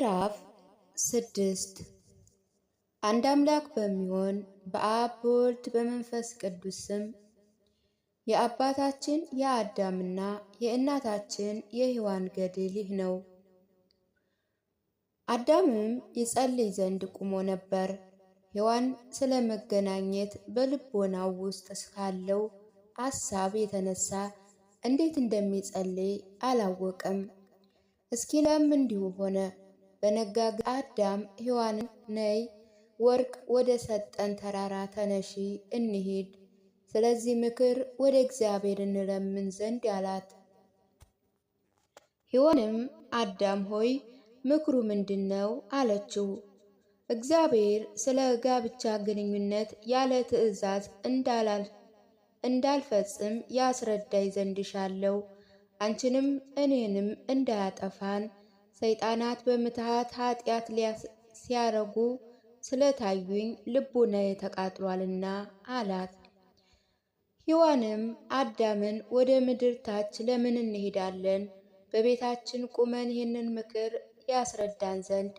ምዕራፍ ስድስት አንድ አምላክ በሚሆን በአብ በወልድ በመንፈስ ቅዱስ ስም የአባታችን የአዳምና የእናታችን የሔዋን ገድል ይህ ነው። አዳምም ይጸልይ ዘንድ ቁሞ ነበር። ሔዋን ስለ መገናኘት በልቦናው ውስጥ ካለው አሳብ የተነሳ እንዴት እንደሚጸልይ እስኪ ለም እንዲሁ ሆነ። በነጋ አዳም ሔዋንን ነይ ወርቅ ወደ ሰጠን ተራራ ተነሺ እንሂድ፣ ስለዚህ ምክር ወደ እግዚአብሔር እንለምን ዘንድ አላት። ሔዋንም አዳም ሆይ ምክሩ ምንድን ነው አለችው። እግዚአብሔር ስለ ጋብቻ ግንኙነት ያለ ትእዛዝ እንዳልፈጽም ያስረዳኝ ዘንድ ሻለው አንቺንም እኔንም እንዳያጠፋን ሰይጣናት በምትሃት ኃጢአት ሲያረጉ ስለታዩኝ ልቡናዬ ተቃጥሏልና አላት። ሔዋንም አዳምን ወደ ምድር ታች ለምን እንሄዳለን? በቤታችን ቁመን ይህንን ምክር ያስረዳን ዘንድ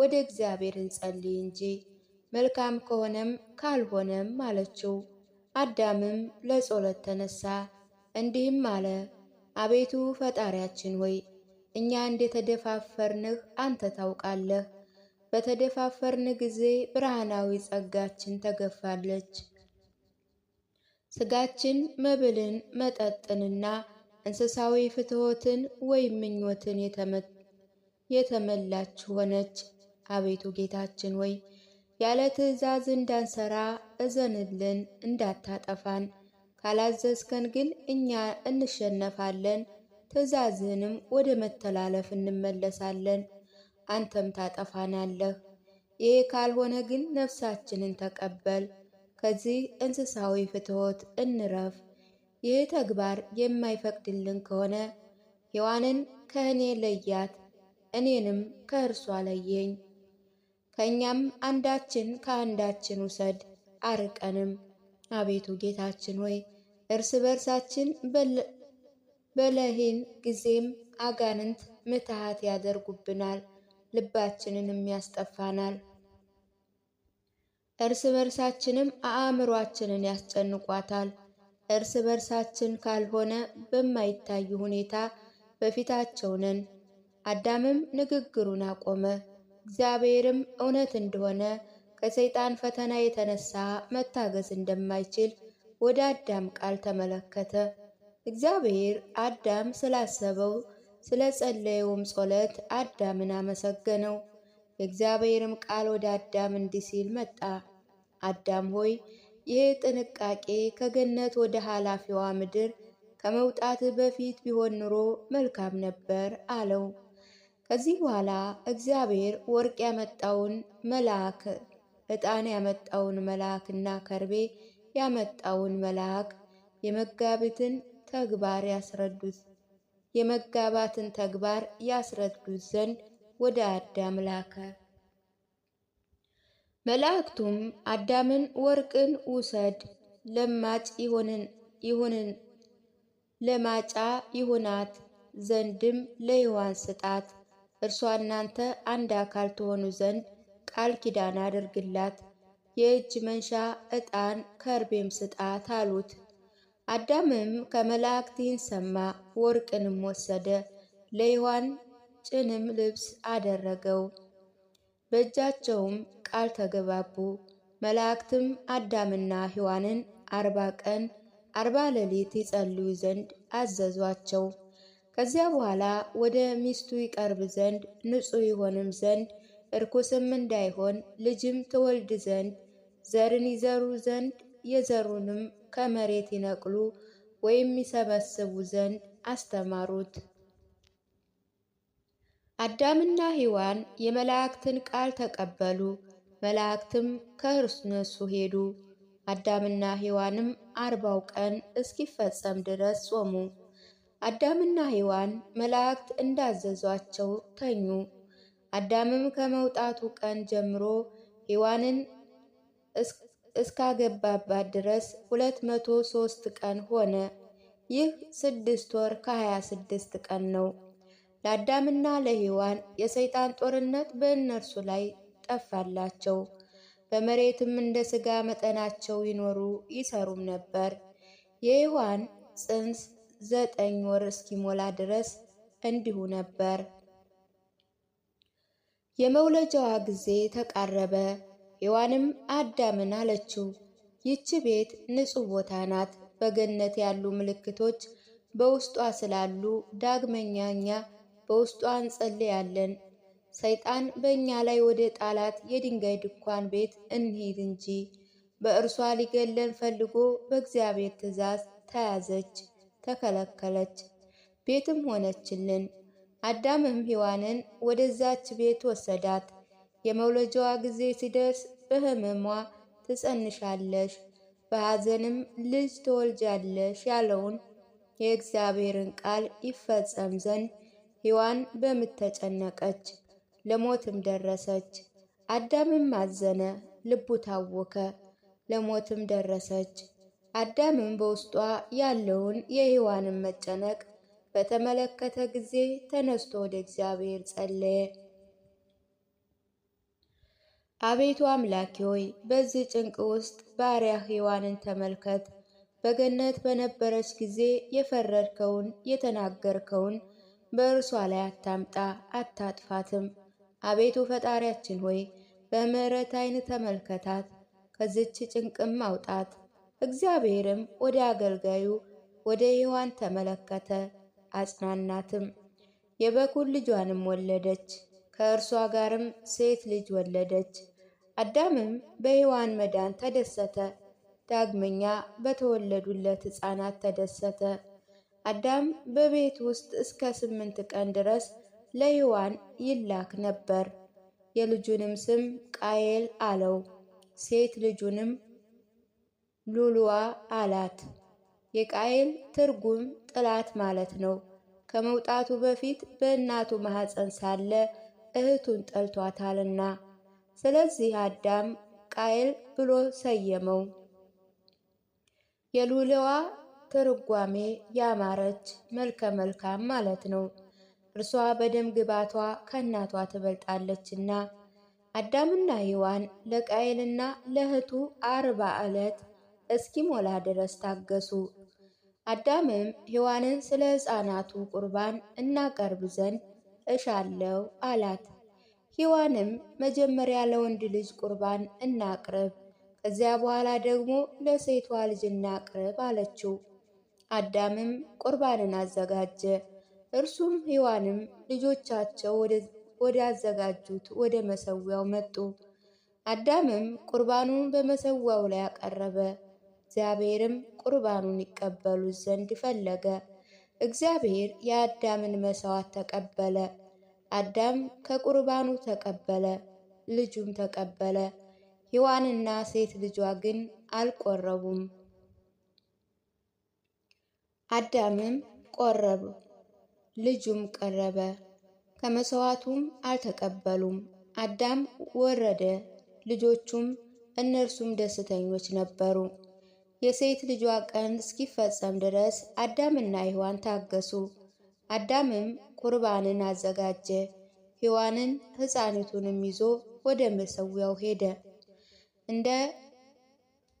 ወደ እግዚአብሔር እንጸልይ እንጂ መልካም ከሆነም ካልሆነም አለችው። አዳምም ለጸሎት ተነሳ፣ እንዲህም አለ፦ አቤቱ ፈጣሪያችን ሆይ እኛ እንደተደፋፈርንህ አንተ ታውቃለህ። በተደፋፈርን ጊዜ ብርሃናዊ ጸጋችን ተገፋለች። ስጋችን መብልን መጠጥንና እንስሳዊ ፍትሆትን ወይም ምኞትን የተመላች ሆነች። አቤቱ ጌታችን ወይ ያለ ትእዛዝ እንዳንሰራ እዘንልን፣ እንዳታጠፋን። ካላዘዝከን ግን እኛ እንሸነፋለን። ትእዛዝህንም ወደ መተላለፍ እንመለሳለን፣ አንተም ታጠፋናለህ። ይህ ካልሆነ ግን ነፍሳችንን ተቀበል፣ ከዚህ እንስሳዊ ፍትወት እንረፍ። ይህ ተግባር የማይፈቅድልን ከሆነ ሔዋንን ከእኔ ለያት፣ እኔንም ከእርሷ ለየኝ። ከእኛም አንዳችን ከአንዳችን ውሰድ፣ አርቀንም። አቤቱ ጌታችን ሆይ እርስ በርሳችን በለሄን ጊዜም አጋንንት ምትሃት ያደርጉብናል፣ ልባችንንም ያስጠፋናል። እርስ በርሳችንም አእምሯችንን ያስጨንቋታል። እርስ በርሳችን ካልሆነ በማይታይ ሁኔታ በፊታቸው ነን። አዳምም ንግግሩን አቆመ። እግዚአብሔርም እውነት እንደሆነ ከሰይጣን ፈተና የተነሳ መታገዝ እንደማይችል ወደ አዳም ቃል ተመለከተ። እግዚአብሔር አዳም ስላሰበው ስለጸለየውም ጸሎት አዳምን አመሰገነው። የእግዚአብሔርም ቃል ወደ አዳም እንዲህ ሲል መጣ። አዳም ሆይ ይህ ጥንቃቄ ከገነት ወደ ኃላፊዋ ምድር ከመውጣት በፊት ቢሆን ኑሮ መልካም ነበር አለው። ከዚህ በኋላ እግዚአብሔር ወርቅ ያመጣውን መልአክ፣ ዕጣን ያመጣውን መልአክ እና ከርቤ ያመጣውን መልአክ የመጋቢትን ተግባር ያስረዱት የመጋባትን ተግባር ያስረዱት ዘንድ ወደ አዳም ላከ። መላእክቱም አዳምን ወርቅን ውሰድ ለማጭ ይሁንን ለማጫ ይሁናት ዘንድም ለሔዋን ስጣት እርሷ እናንተ አንድ አካል ትሆኑ ዘንድ ቃል ኪዳን አድርግላት የእጅ መንሻ ዕጣን ከርቤም ስጣት አሉት። አዳምም ከመላእክት ይህን ሰማ። ወርቅንም ወሰደ፣ ለሔዋን ጭንም ልብስ አደረገው። በእጃቸውም ቃል ተገባቡ። መላእክትም አዳምና ሔዋንን አርባ ቀን አርባ ሌሊት ይጸልዩ ዘንድ አዘዟቸው። ከዚያ በኋላ ወደ ሚስቱ ይቀርብ ዘንድ ንጹሕ ይሆንም ዘንድ እርኩስም እንዳይሆን ልጅም ትወልድ ዘንድ ዘርን ይዘሩ ዘንድ የዘሩንም ከመሬት ይነቅሉ ወይም ይሰበስቡ ዘንድ አስተማሩት። አዳምና ሔዋን የመላእክትን ቃል ተቀበሉ። መላእክትም ነሱ ሄዱ። አዳምና ሔዋንም አርባው ቀን እስኪፈጸም ድረስ ጾሙ። አዳምና ሔዋን መላእክት እንዳዘዟቸው ተኙ። አዳምም ከመውጣቱ ቀን ጀምሮ ሔዋንን እስካገባባት ድረስ 203 ቀን ሆነ። ይህ ስድስት ወር ከ26 ቀን ነው። ለአዳምና ለሔዋን የሰይጣን ጦርነት በእነርሱ ላይ ጠፋላቸው። በመሬትም እንደ ሥጋ መጠናቸው ይኖሩ ይሰሩም ነበር። የሔዋን ጽንስ ዘጠኝ ወር እስኪሞላ ድረስ እንዲሁ ነበር። የመውለጃዋ ጊዜ ተቃረበ። ሔዋንም አዳምን አለችው፣ ይህች ቤት ንጹሕ ቦታ ናት። በገነት ያሉ ምልክቶች በውስጧ ስላሉ ዳግመኛ እኛ በውስጧ እንጸልያለን። ሰይጣን በእኛ ላይ ወደ ጣላት የድንጋይ ድንኳን ቤት እንሂድ እንጂ። በእርሷ ሊገለን ፈልጎ በእግዚአብሔር ትእዛዝ ተያዘች፣ ተከለከለች፣ ቤትም ሆነችልን። አዳምም ሔዋንን ወደዛች ቤት ወሰዳት። የመውለጃዋ ጊዜ ሲደርስ በህመሟ ትጸንሻለሽ፣ በሐዘንም ልጅ ትወልጃለሽ ያለውን የእግዚአብሔርን ቃል ይፈጸም ዘንድ ሔዋን በምጥ ተጨነቀች፣ ለሞትም ደረሰች። አዳምም አዘነ፣ ልቡ ታወከ፣ ለሞትም ደረሰች። አዳምም በውስጧ ያለውን የሔዋንን መጨነቅ በተመለከተ ጊዜ ተነስቶ ወደ እግዚአብሔር ጸለየ። አቤቱ አምላኬ ሆይ በዚህ ጭንቅ ውስጥ ባሪያህ ሔዋንን ተመልከት። በገነት በነበረች ጊዜ የፈረድከውን የተናገርከውን በእርሷ ላይ አታምጣ አታጥፋትም። አቤቱ ፈጣሪያችን ሆይ በምሕረት ዓይን ተመልከታት፣ ከዚች ጭንቅም አውጣት። እግዚአብሔርም ወደ አገልጋዩ ወደ ሔዋን ተመለከተ፣ አጽናናትም። የበኩር ልጇንም ወለደች፣ ከእርሷ ጋርም ሴት ልጅ ወለደች። አዳምም በሔዋን መዳን ተደሰተ። ዳግመኛ በተወለዱለት ሕፃናት ተደሰተ። አዳም በቤት ውስጥ እስከ ስምንት ቀን ድረስ ለሔዋን ይላክ ነበር። የልጁንም ስም ቃየል አለው። ሴት ልጁንም ሉሉዋ አላት። የቃየል ትርጉም ጥላት ማለት ነው። ከመውጣቱ በፊት በእናቱ ማኅፀን ሳለ እህቱን ጠልቷታልና ስለዚህ አዳም ቃይል ብሎ ሰየመው። የሉሌዋ ትርጓሜ ያማረች መልከ መልካም ማለት ነው። እርሷ በደም ግባቷ ከእናቷ ትበልጣለችና አዳምና ሔዋን ለቃይልና ለእህቱ አርባ ዕለት እስኪሞላ ድረስ ታገሱ። አዳምም ሔዋንን ስለ ሕፃናቱ ቁርባን እናቀርብ ዘንድ እሻለው አላት። ሂዋንም መጀመሪያ ለወንድ ልጅ ቁርባን እናቅርብ፣ ከዚያ በኋላ ደግሞ ለሴቷ ልጅ እናቅርብ አለችው። አዳምም ቁርባንን አዘጋጀ። እርሱም ሂዋንም ልጆቻቸው ወዳዘጋጁት ወደ መሰዊያው መጡ። አዳምም ቁርባኑን በመሰዊያው ላይ አቀረበ። እግዚአብሔርም ቁርባኑን ይቀበሉት ዘንድ ፈለገ። እግዚአብሔር የአዳምን መሥዋዕት ተቀበለ። አዳም ከቁርባኑ ተቀበለ፣ ልጁም ተቀበለ። ሔዋንና ሴት ልጇ ግን አልቆረቡም። አዳምም ቆረብ፣ ልጁም ቀረበ፣ ከመሥዋዕቱም አልተቀበሉም። አዳም ወረደ፣ ልጆቹም እነርሱም ደስተኞች ነበሩ። የሴት ልጇ ቀን እስኪፈጸም ድረስ አዳምና ሔዋን ታገሱ። አዳምም ቁርባንን አዘጋጀ። ሔዋንን ሕፃኒቱንም ይዞ ወደ መሠዊያው ሄደ። እንደ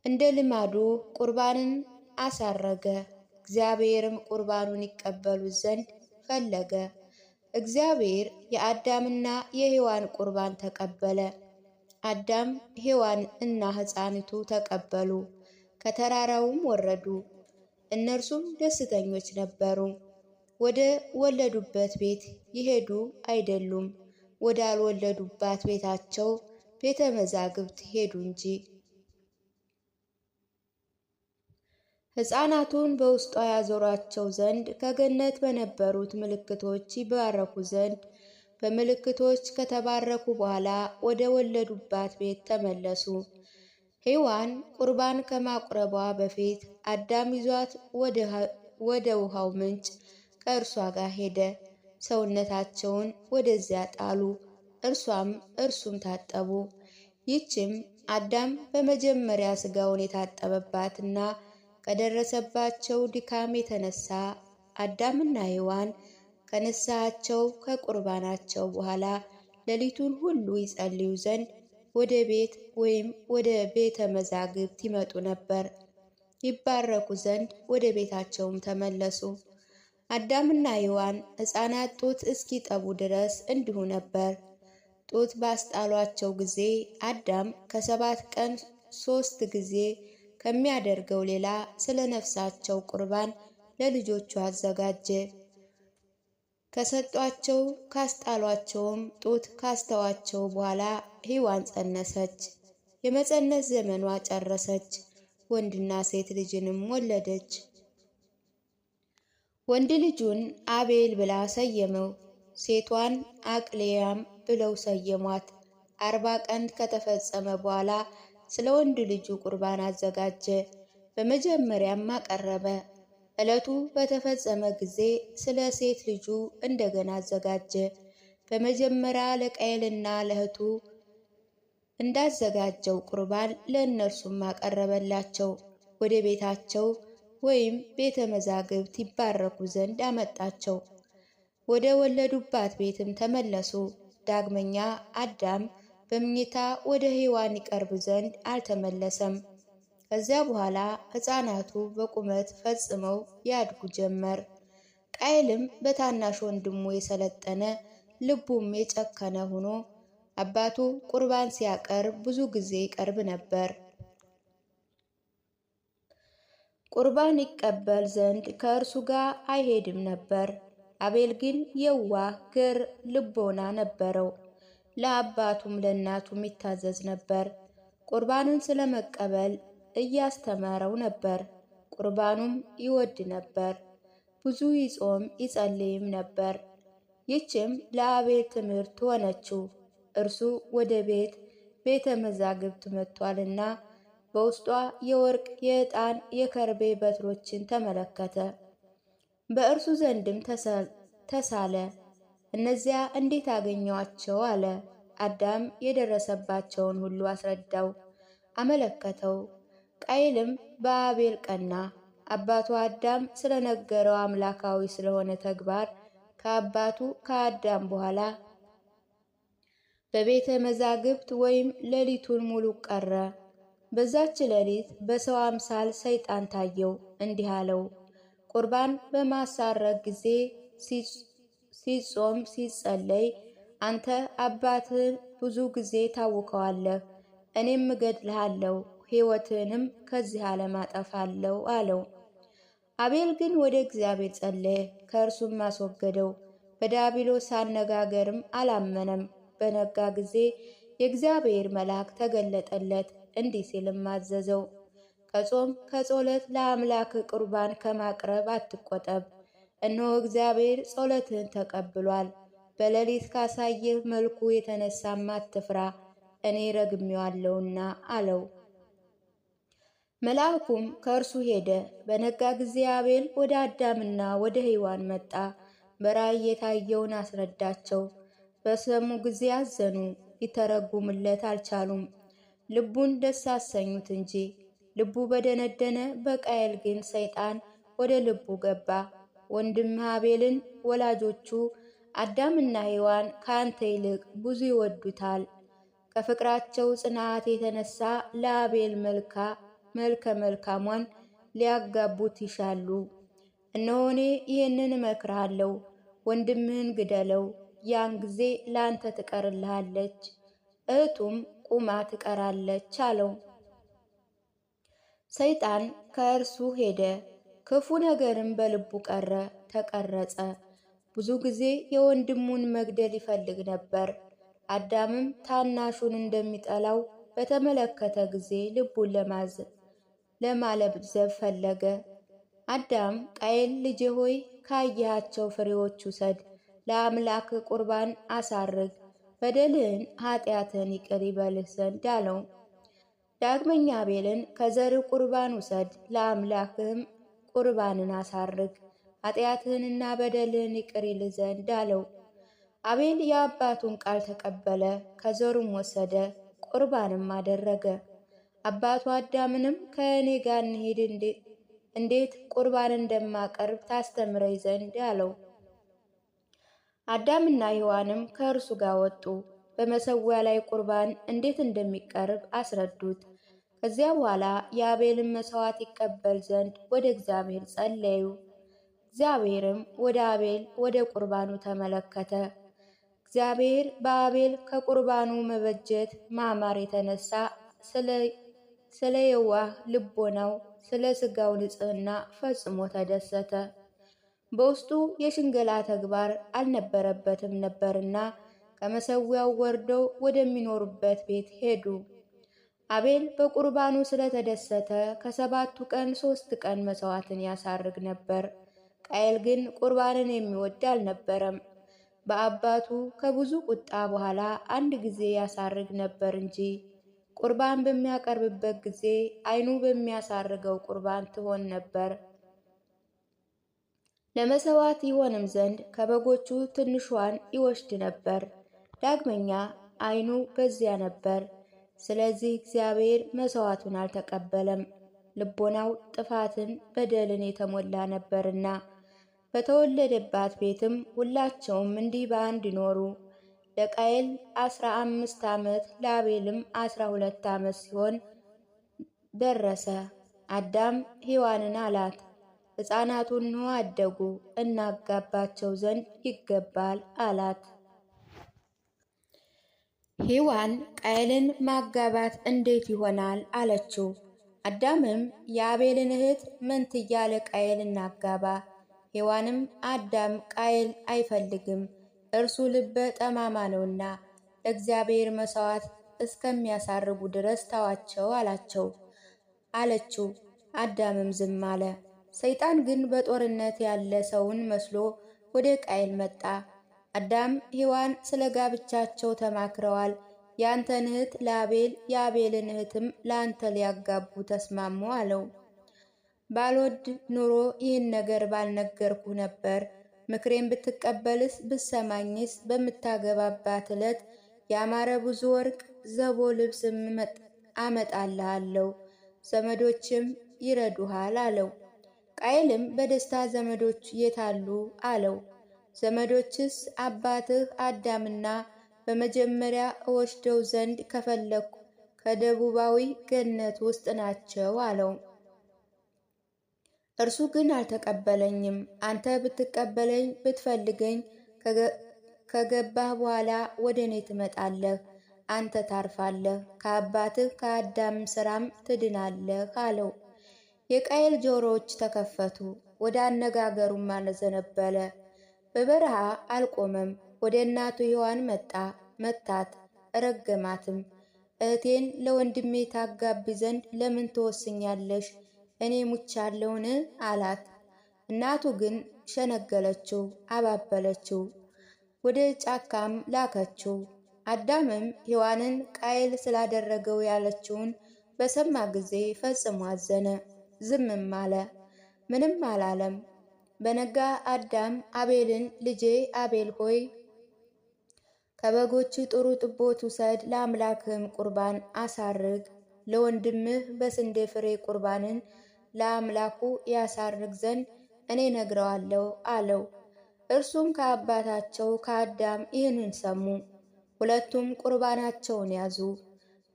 እንደ ልማዱ ቁርባንን አሳረገ። እግዚአብሔርም ቁርባኑን ይቀበሉት ዘንድ ፈለገ። እግዚአብሔር የአዳምና የሔዋን ቁርባን ተቀበለ። አዳም፣ ሔዋን እና ሕፃኒቱ ተቀበሉ። ከተራራውም ወረዱ። እነርሱም ደስተኞች ነበሩ። ወደ ወለዱበት ቤት ይሄዱ አይደሉም፣ ወዳልወለዱባት ቤታቸው ቤተ መዛግብት ሄዱ እንጂ። ሕፃናቱን በውስጧ ያዞሯቸው ዘንድ ከገነት በነበሩት ምልክቶች ይባረኩ ዘንድ በምልክቶች ከተባረኩ በኋላ ወደ ወለዱባት ቤት ተመለሱ። ሔዋን ቁርባን ከማቁረቧ በፊት አዳም ይዟት ወደ ውሃው ምንጭ ከእርሷ ጋር ሄደ። ሰውነታቸውን ወደዚያ ጣሉ። እርሷም እርሱም ታጠቡ። ይህችም አዳም በመጀመሪያ ስጋውን የታጠበባትና ከደረሰባቸው ድካም የተነሳ አዳምና ሔዋን ከንስሐቸው ከቁርባናቸው በኋላ ሌሊቱን ሁሉ ይጸልዩ ዘንድ ወደ ቤት ወይም ወደ ቤተ መዛግብት ይመጡ ነበር። ይባረኩ ዘንድ ወደ ቤታቸውም ተመለሱ። አዳምና ሔዋን ሕፃናት ጡት እስኪጠቡ ድረስ እንዲሁ ነበር። ጡት ባስጣሏቸው ጊዜ አዳም ከሰባት ቀን ሶስት ጊዜ ከሚያደርገው ሌላ ስለ ነፍሳቸው ቁርባን ለልጆቹ አዘጋጀ። ከሰጧቸው ካስጣሏቸውም ጡት ካስተዋቸው በኋላ ሔዋን ጸነሰች። የመጸነስ ዘመኗ ጨረሰች። ወንድና ሴት ልጅንም ወለደች። ወንድ ልጁን አቤል ብላ ሰየመው፣ ሴቷን አቅሌያም ብለው ሰየሟት። አርባ ቀን ከተፈጸመ በኋላ ስለ ወንድ ልጁ ቁርባን አዘጋጀ፣ በመጀመሪያም አቀረበ። ዕለቱ በተፈጸመ ጊዜ ስለ ሴት ልጁ እንደገና አዘጋጀ። በመጀመሪያ ለቃየልና ለእህቱ እንዳዘጋጀው ቁርባን ለእነርሱም አቀረበላቸው። ወደ ቤታቸው ወይም ቤተ መዛግብት ይባረኩ ዘንድ አመጣቸው። ወደ ወለዱባት ቤትም ተመለሱ። ዳግመኛ አዳም በምኝታ ወደ ሔዋን ይቀርብ ዘንድ አልተመለሰም። ከዚያ በኋላ ሕፃናቱ በቁመት ፈጽመው ያድጉ ጀመር። ቃየልም በታናሽ ወንድሙ የሰለጠነ ልቡም የጨከነ ሆኖ አባቱ ቁርባን ሲያቀርብ ብዙ ጊዜ ይቀርብ ነበር። ቁርባን ይቀበል ዘንድ ከእርሱ ጋር አይሄድም ነበር። አቤል ግን የዋህ ገር ልቦና ነበረው፣ ለአባቱም ለእናቱም ይታዘዝ ነበር። ቁርባንን ስለመቀበል እያስተማረው ነበር። ቁርባኑም ይወድ ነበር፣ ብዙ ይጾም ይጸልይም ነበር። ይችም ለአቤል ትምህርት ሆነችው። እርሱ ወደ ቤት ቤተ መዛግብት መጥቷልና በውስጧ የወርቅ የዕጣን የከርቤ በትሮችን ተመለከተ። በእርሱ ዘንድም ተሳለ። እነዚያ እንዴት አገኘዋቸው አለ። አዳም የደረሰባቸውን ሁሉ አስረዳው፣ አመለከተው። ቃይልም በአቤል ቀና። አባቱ አዳም ስለነገረው አምላካዊ ስለሆነ ተግባር ከአባቱ ከአዳም በኋላ በቤተ መዛግብት ወይም ሌሊቱን ሙሉ ቀረ። በዛች ሌሊት በሰው አምሳል ሰይጣን ታየው፣ እንዲህ አለው፦ ቁርባን በማሳረግ ጊዜ ሲጾም ሲጸለይ አንተ አባትህን ብዙ ጊዜ ታውከዋለህ፣ እኔም እገድልሃለሁ፣ ሕይወትህንም ከዚህ ዓለም አጠፋለሁ አለው። አቤል ግን ወደ እግዚአብሔር ጸለየ፣ ከእርሱም አስወገደው። በዲያብሎስ አነጋገርም አላመነም። በነጋ ጊዜ የእግዚአብሔር መልአክ ተገለጠለት፣ እንዲህ ሲልም ማዘዘው ከጾም ከጸሎት ለአምላክ ቁርባን ከማቅረብ አትቆጠብ። እነሆ እግዚአብሔር ጸሎትህን ተቀብሏል። በሌሊት ካሳየህ መልኩ የተነሳም አትፍራ፣ እኔ ረግሜዋለሁና አለው። መልአኩም ከእርሱ ሄደ። በነጋ ጊዜ አቤል ወደ አዳምና ወደ ሔዋን መጣ። በራእይ የታየውን አስረዳቸው። በሰሙ ጊዜ አዘኑ፣ ሊተረጉምለት አልቻሉም። ልቡን ደስ አሰኙት እንጂ። ልቡ በደነደነ በቃየል ግን ሰይጣን ወደ ልቡ ገባ። ወንድም አቤልን ወላጆቹ አዳምና ሔዋን ከአንተ ይልቅ ብዙ ይወዱታል፣ ከፍቅራቸው ጽናት የተነሳ ለአቤል መልካ መልከ መልካሟን ሊያጋቡት ይሻሉ። እነሆ እኔ ይህንን እመክርሃለሁ፣ ወንድምህን ግደለው፣ ያን ጊዜ ለአንተ ትቀርልሃለች። እህቱም ቁማ ትቀራለች አለው። ሰይጣን ከእርሱ ሄደ፣ ክፉ ነገርም በልቡ ቀረ ተቀረጸ። ብዙ ጊዜ የወንድሙን መግደል ይፈልግ ነበር። አዳምም ታናሹን እንደሚጠላው በተመለከተ ጊዜ ልቡን ለማዝ ለማለብዘብ ፈለገ። አዳም ቃየል ልጄ ሆይ ካየሃቸው ፍሬዎች ውሰድ፣ ለአምላክ ቁርባን አሳርግ በደልህን ኃጢአትህን ይቅር ይበልህ ዘንድ አለው። ዳግመኛ አቤልን ከዘርህ ቁርባን ውሰድ፣ ለአምላክህም ቁርባንን አሳርግ፣ ኃጢአትህንና በደልህን ይቅር ይልህ ዘንድ አለው። አቤል የአባቱን ቃል ተቀበለ፣ ከዘሩም ወሰደ፣ ቁርባንም አደረገ። አባቱ አዳምንም ከእኔ ጋር እንሄድ እንዴት ቁርባን እንደማቀርብ ታስተምረኝ ዘንድ አለው። አዳምና ሔዋንም ከእርሱ ጋር ወጡ። በመሰዊያ ላይ ቁርባን እንዴት እንደሚቀርብ አስረዱት። ከዚያ በኋላ የአቤልን መስዋዕት ይቀበል ዘንድ ወደ እግዚአብሔር ጸለዩ። እግዚአብሔርም ወደ አቤል ወደ ቁርባኑ ተመለከተ። እግዚአብሔር በአቤል ከቁርባኑ መበጀት ማማር የተነሳ ስለ የዋህ ልቦናው ስለ ሥጋው ንጽሕና ፈጽሞ ተደሰተ። በውስጡ የሽንገላ ተግባር አልነበረበትም ነበርና ከመሰዊያው ወርደው ወደሚኖሩበት ቤት ሄዱ። አቤል በቁርባኑ ስለተደሰተ ከሰባቱ ቀን ሶስት ቀን መስዋዕትን ያሳርግ ነበር። ቃየል ግን ቁርባንን የሚወድ አልነበረም። በአባቱ ከብዙ ቁጣ በኋላ አንድ ጊዜ ያሳርግ ነበር እንጂ ቁርባን በሚያቀርብበት ጊዜ ዓይኑ በሚያሳርገው ቁርባን ትሆን ነበር። ለመሰዋት ይሆንም ዘንድ ከበጎቹ ትንሿን ይወስድ ነበር። ዳግመኛ ዓይኑ በዚያ ነበር። ስለዚህ እግዚአብሔር መሰዋቱን አልተቀበለም፣ ልቦናው ጥፋትን በደልን የተሞላ ነበርና። በተወለደባት ቤትም ሁላቸውም እንዲህ በአንድ ኖሩ። ለቃየል አስራ አምስት ዓመት ለአቤልም አስራ ሁለት ዓመት ሲሆን ደረሰ። አዳም ሔዋንን አላት ሕፃናቱን ነው አደጉ እናጋባቸው ዘንድ ይገባል አላት። ሔዋን ቃየልን ማጋባት እንዴት ይሆናል አለችው። አዳምም የአቤልን እህት ምንት እያለ ቃየል እናጋባ። ሔዋንም አዳም ቃየል አይፈልግም እርሱ ልበ ጠማማ ነውና ለእግዚአብሔር መሥዋዕት እስከሚያሳርጉ ድረስ ታዋቸው አላቸው አለችው። አዳምም ዝም አለ። ሰይጣን ግን በጦርነት ያለ ሰውን መስሎ ወደ ቃይል መጣ። አዳም ሔዋን ስለ ጋብቻቸው ተማክረዋል። ያንተን እህት ለአቤል የአቤልን እህትም ለአንተ ሊያጋቡ ተስማሙ አለው። ባልወድ ኑሮ ይህን ነገር ባልነገርኩ ነበር። ምክሬን ብትቀበልስ ብሰማኝስ በምታገባባት ዕለት ያማረ ብዙ ወርቅ ዘቦ ልብስም አመጣልሃለሁ፣ ዘመዶችም ይረዱሃል አለው። ቃየልም በደስታ ዘመዶች የታሉ አለው። ዘመዶችስ አባትህ አዳምና በመጀመሪያ እወስደው ዘንድ ከፈለግኩ ከደቡባዊ ገነት ውስጥ ናቸው አለው። እርሱ ግን አልተቀበለኝም። አንተ ብትቀበለኝ ብትፈልገኝ ከገባህ በኋላ ወደ እኔ ትመጣለህ፣ አንተ ታርፋለህ፣ ከአባትህ ከአዳም ስራም ትድናለህ አለው። የቃየል ጆሮዎች ተከፈቱ። ወደ አነጋገሩም አዘነበለ። በበረሃ አልቆመም። ወደ እናቱ ሔዋን መጣ። መታት፣ ረገማትም። እህቴን ለወንድሜ ታጋቢ ዘንድ ለምን ትወስኛለሽ? እኔ ሙቻለውን? አላት። እናቱ ግን ሸነገለችው፣ አባበለችው፣ ወደ ጫካም ላከችው። አዳምም ሔዋንን ቃየል ስላደረገው ያለችውን በሰማ ጊዜ ፈጽሞ አዘነ። ዝምም አለ፣ ምንም አላለም። በነጋ አዳም አቤልን ልጄ አቤል ሆይ ከበጎች ጥሩ ጥቦት ውሰድ፣ ለአምላክም ቁርባን አሳርግ። ለወንድምህ በስንዴ ፍሬ ቁርባንን ለአምላኩ ያሳርግ ዘንድ እኔ ነግረዋለሁ አለው። እርሱም ከአባታቸው ከአዳም ይህንን ሰሙ። ሁለቱም ቁርባናቸውን ያዙ፣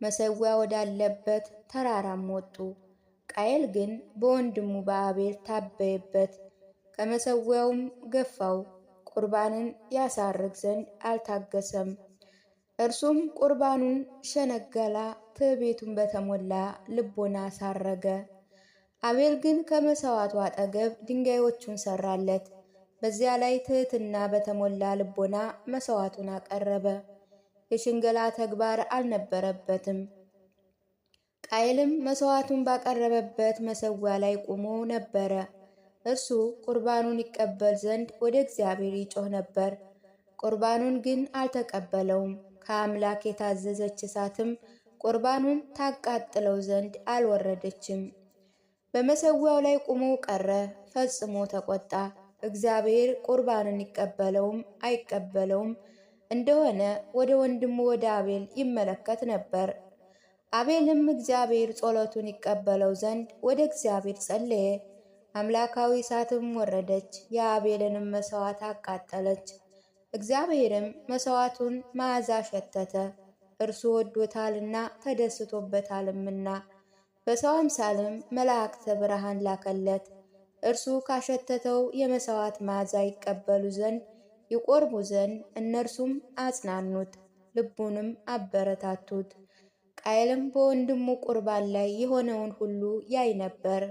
መሠዊያ ወዳለበት ተራራም ወጡ። ቃየል ግን በወንድሙ በአቤል ታበየበት፣ ከመሰዊያውም ገፋው፣ ቁርባንን ያሳርግ ዘንድ አልታገሰም። እርሱም ቁርባኑን ሸነገላ፣ ትዕቤቱን በተሞላ ልቦና አሳረገ። አቤል ግን ከመሰዋቱ አጠገብ ድንጋዮቹን ሰራለት፣ በዚያ ላይ ትህትና በተሞላ ልቦና መሰዋቱን አቀረበ። የሽንገላ ተግባር አልነበረበትም። ቃይልም መስዋዕቱን ባቀረበበት መሰዊያ ላይ ቆሞ ነበረ። እርሱ ቁርባኑን ይቀበል ዘንድ ወደ እግዚአብሔር ይጮህ ነበር። ቁርባኑን ግን አልተቀበለውም። ከአምላክ የታዘዘች እሳትም ቁርባኑን ታቃጥለው ዘንድ አልወረደችም። በመሰዊያው ላይ ቆሞ ቀረ። ፈጽሞ ተቆጣ። እግዚአብሔር ቁርባንን ይቀበለውም አይቀበለውም እንደሆነ ወደ ወንድሙ ወደ አቤል ይመለከት ነበር። አቤልም እግዚአብሔር ጸሎቱን ይቀበለው ዘንድ ወደ እግዚአብሔር ጸለየ። አምላካዊ እሳትም ወረደች፣ የአቤልንም መስዋዕት አቃጠለች። እግዚአብሔርም መስዋዕቱን መዓዛ ሸተተ፣ እርሱ ወዶታልና ተደስቶበታልምና። በሰው አምሳልም መላእክተ ብርሃን ላከለት፣ እርሱ ካሸተተው የመስዋዕት መዓዛ ይቀበሉ ዘንድ ይቆርቡ ዘንድ እነርሱም አጽናኑት፣ ልቡንም አበረታቱት። ቃየልም በወንድሙ ቁርባን ላይ የሆነውን ሁሉ ያይ ነበር።